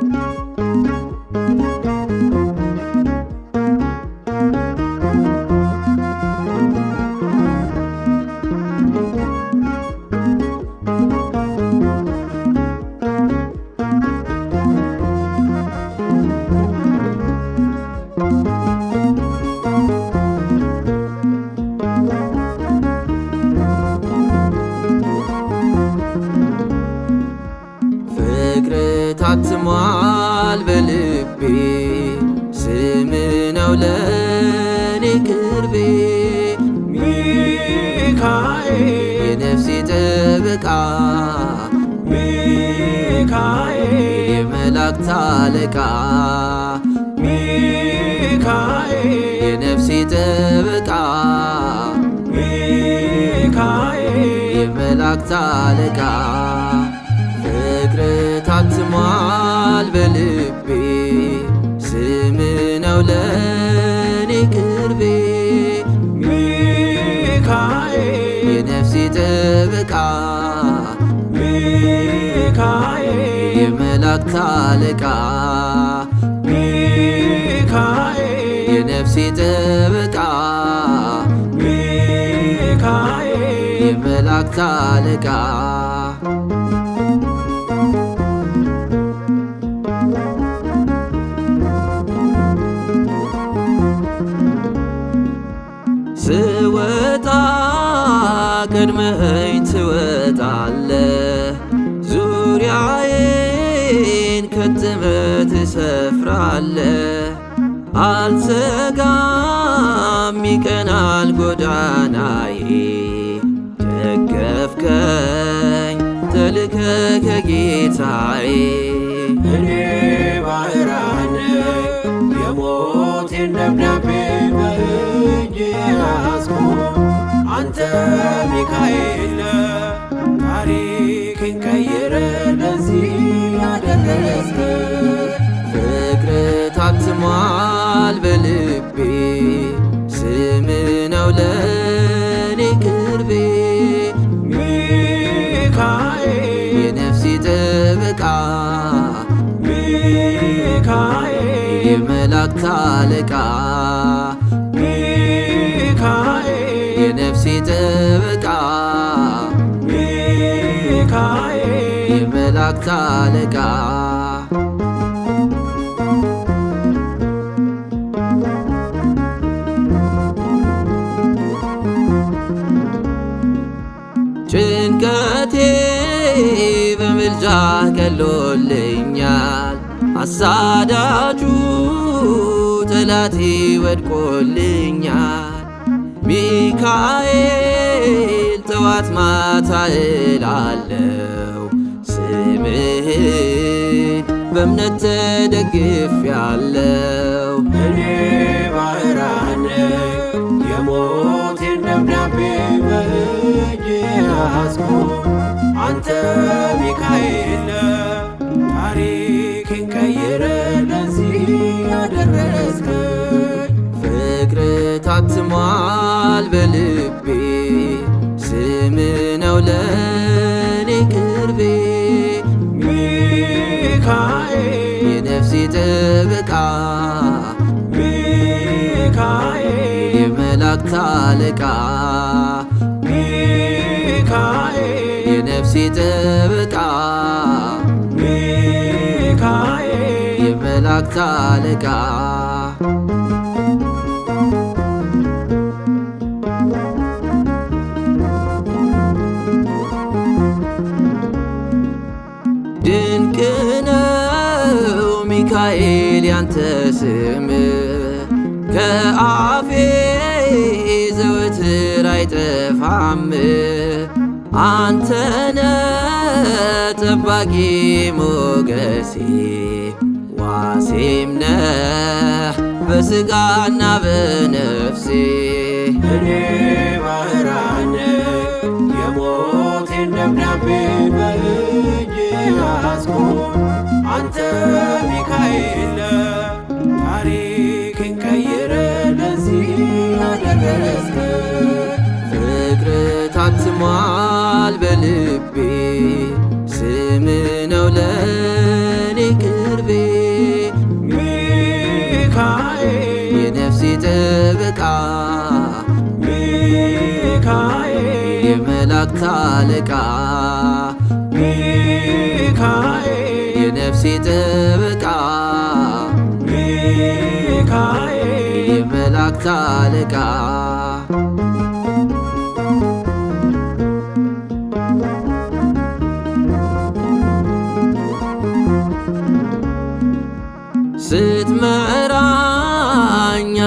thank you ታትሟል በልቤ ስም ነው ለኔ ቅርቤ ሚካኤል የነፍሴ ጠበቃ ሚካኤል የመላእክት አለቃ ሚካኤል የነፍሴ ጠበቃ ሚካኤል የመላእክት አለቃ መላእክት አለቃ ሚካኤል የነፍሴ ጥበቃ ሚካኤል የመላእክት አለቃ ስወጣ ቅድመኝ ትወጣለ ፈጽመ ትሰፍራለ። አልሰጋም ይቀናል ጎዳናዬ። ደገፍከኝ ተልከ ከጌታዬ እኔ ባህራን የሞቴን ደብዳቤ በእጅ ያዝኩ አንተ ሚካኤል ለኔ ቅርቤ ሚካኤል የነፍሴ ጠበቃ ሚካኤል የመላእክት አለቃ ሚካኤል የነፍሴ ጠበቃ ሚካኤል የመላእክት አለቃ ጭንቀቴ በምልጃ ቀሎልኛል። አሳዳጁ ጠላቴ ወድቆልኛል። ሚካኤል ጠዋት ማታ እላለው ስምህን በእምነት ተደግፍ ያለው እኔ ባህራነ የሞቴን ደብዳቤ ያዝኩ አንተ ሚካኤል ታሪኬን ቀይረ ለዚህ ያደረስከኝ ፍቅር ታትሟል በልቤ ስም ነው ለኔ ቅርቤ ሚካኤል የነፍሴ ጥበቃ ሚካኤል የመላእክት አለቃ ሚካኤል የነፍሴ ጥብጣ ሚካኤል የመላእክት አለቃ ድንቅ ነው ሚካኤል ያንተ ስም ከአፌ ዘወትር አይጠፋም። አንተነ ጠባቂ ሞገሴ ዋሴም ነህ በስጋና በነፍሴ እኔ ባህራነ የሞቴን ደብዳቤ በእጅ ያዝኩ አንተ ሚካኤል ታሪክን ቀይረ ለዚህ አደረስከ ልቤ ስም ነው ለኔ ቅርቤ ሚካኤል የነፍሴ ጠበቃ ሚካኤል የመላእክት አለቃ ሚካኤል የነፍሴ ጠበቃ ሚካኤል የመላእክት አለቃ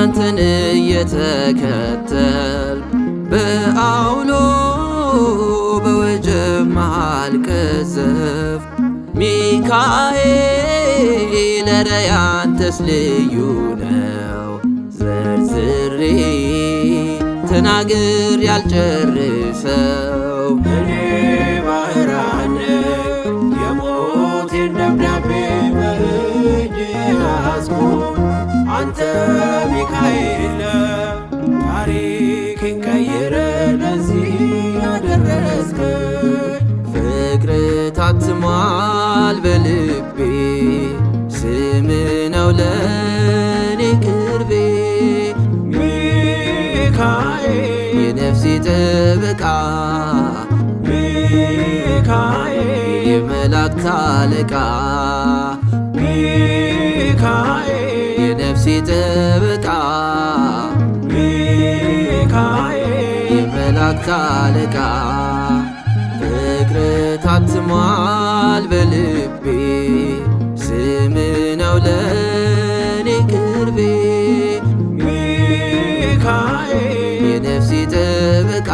አንተን እየተከተል በአውሎ በወጀብ መሃል ቀዘፍ ሚካኤል ኧረ ያንተስ ልዩ ነው ዘርዝሬ ተናግር ያልጨርሰው እኔ የሞቴን ደብዳቤ በእጅ ያዝኩ አንተ ሚካኤል ታሪክን ለዚህ ፍቅር ታትሟል በልቤ ስም ነው ለኔ ቅርቤ ሚካኤል የነፍሴ ጠበቃ ሚካኤል የመላእክት አለቃ ሚካኤል ሲጥብጣ ሚካኤል የመላእክት አለቃ ፍቅር ታትሟል በልቤ ስም ነው ለኔ ቅርቤ ሚካኤል ጥበቃ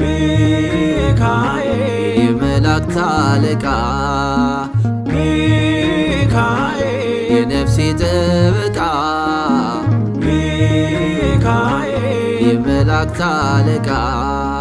ሚካኤል የመላእክት አለቃ የነፍሴ ጥበቃ ሚካኤል የመላእክት አለቃ